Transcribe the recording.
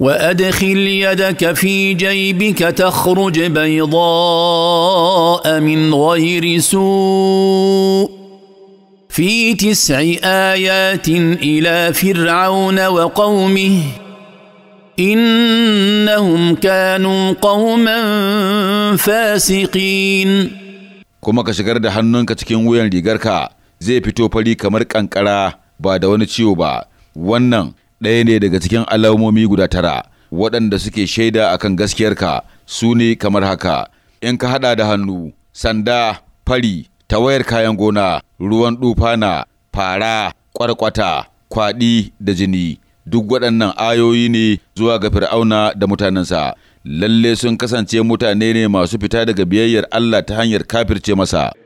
وادخل يدك في جيبك تخرج بيضاء من غير سوء في تسع ايات الى فرعون وقومه انهم كانوا قوما فاسقين kuma ka shigar da hannunka cikin wuyan rigarka zai fito fari kamar kankara ba da wani ciwo ba wannan ɗaya ne daga cikin alamomi guda tara waɗanda suke shaida a kan gaskiyarka su ne kamar haka in ka haɗa da hannu sanda fari tawayar kayan gona ruwan ɗufana fara ƙwarƙwata kwaɗi da jini duk waɗannan ayoyi ne zuwa ga fir'auna da mutanensa lalle sun kasance mutane ne masu fita daga biyayyar Allah ta hanyar kafirce masa